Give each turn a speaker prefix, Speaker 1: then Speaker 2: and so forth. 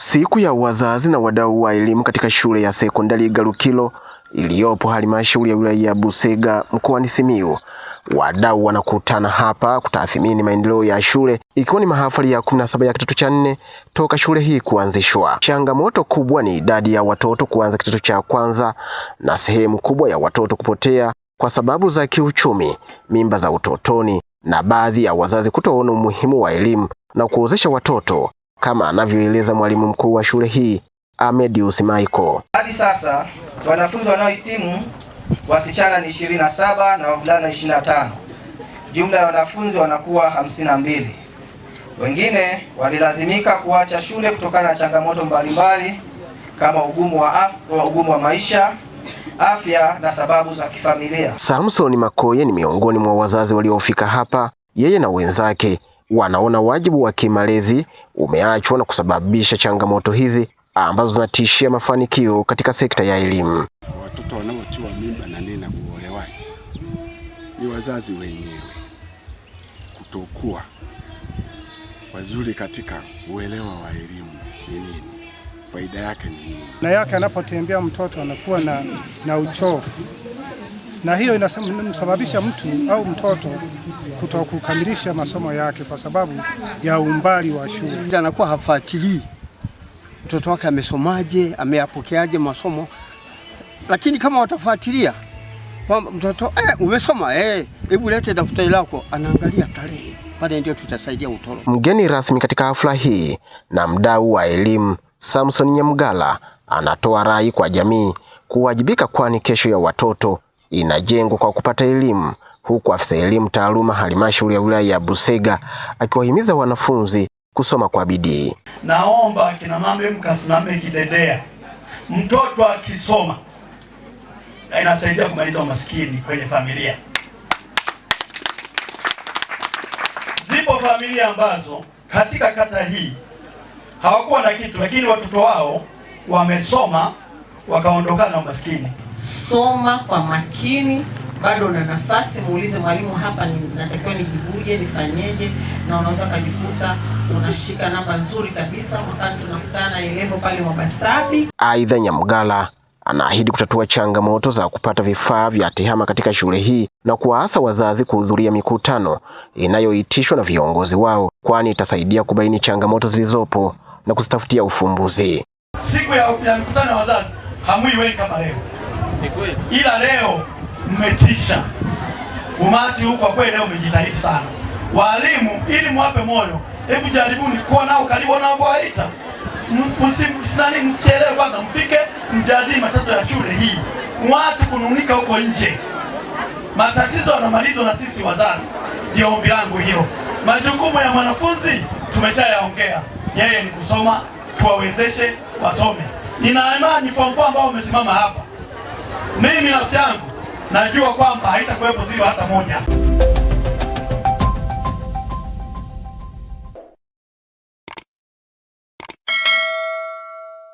Speaker 1: Siku ya wazazi na wadau wa elimu katika shule ya sekondari Igalukilo iliyopo halmashauri ya wilaya ya Busega mkoani Simiyu. Wadau wanakutana hapa kutathmini maendeleo ya shule ikiwa ni mahafali ya 17 ya kidato cha nne toka shule hii kuanzishwa. Changamoto kubwa ni idadi ya watoto kuanza kidato cha kwanza na sehemu kubwa ya watoto kupotea kwa sababu za kiuchumi, mimba za utotoni na baadhi ya wazazi kutoona umuhimu wa elimu na kuozesha watoto kama anavyoeleza mwalimu mkuu wa shule hii Amedius Michael.
Speaker 2: Hadi sasa wanafunzi wanaohitimu wasichana ni 27 na wavulana 25. Jumla ya wanafunzi wanakuwa 52. Wengine walilazimika kuacha shule kutokana na changamoto mbalimbali kama ugumu wa, af, wa ugumu wa maisha, afya na sababu za kifamilia.
Speaker 1: Samson Makoye ni miongoni mwa wazazi waliofika hapa, yeye na wenzake wanaona wajibu wa kimalezi umeachwa na kusababisha changamoto hizi ambazo zinatishia mafanikio katika sekta ya elimu.
Speaker 3: Watoto wanaotiwa mimba na nina uolewaji ni wazazi wenyewe kutokuwa wazuri katika uelewa wa elimu ni nini, faida yake ni nini,
Speaker 4: na yake anapotembea mtoto anakuwa na, na uchovu na hiyo inasababisha mtu au mtoto kutokukamilisha masomo yake kwa sababu ya umbali wa shule.
Speaker 5: Anakuwa hafuatilii mtoto wake amesomaje, ameyapokeaje masomo, lakini kama watafuatilia kwamba mtoto eh, umesoma eh, hebu lete daftari lako, anaangalia tarehe pale, ndio tutasaidia utoro.
Speaker 1: Mgeni rasmi katika hafla hii na mdau wa elimu Samson Nyamgala anatoa rai kwa jamii kuwajibika, kwani kesho ya watoto inajengwa kwa kupata elimu, huku afisa elimu taaluma halmashauri ya wilaya ya Busega akiwahimiza wanafunzi kusoma kwa bidii.
Speaker 6: Naomba kina mama mkasimame kidedea, mtoto akisoma inasaidia kumaliza umaskini kwenye familia. Zipo familia ambazo katika kata hii hawakuwa na kitu, lakini watoto wao wamesoma wakaondokana na umaskini.
Speaker 7: Soma kwa makini, bado una nafasi, muulize mwalimu, hapa natakiwa nijibuje, nifanyeje? Na unaweza ukajikuta unashika namba nzuri kabisa wakati tunakutana elevo pale Mwabasabi.
Speaker 1: Aidha, Nyamgala anaahidi kutatua changamoto za kupata vifaa vya TEHAMA katika shule hii na kuwaasa wazazi kuhudhuria mikutano inayoitishwa na viongozi wao, kwani itasaidia kubaini changamoto zilizopo na kuzitafutia ufumbuzi.
Speaker 8: Siku ya, mkutano wa wazazi hamuiwei kama leo, ila leo mmetisha umati huu. Kwa kweli leo umejitahidi sana walimu, ili mwape moyo, hebu jaribuni kuwa nao karibu wanapowaita msinani, msielewe kwanza, mfike mjadili matatizo ya shule hii, mwache kununika huko nje. Matatizo yanamalizwa na sisi wazazi, ndio ombi langu hilo. Majukumu ya mwanafunzi tumeshayaongea, yeye ni kusoma, tuwawezeshe wasome. Nina imani kwa mkoa ambao umesimama hapa, mimi nafsi yangu najua kwamba haitakuwepo zilo hata moja.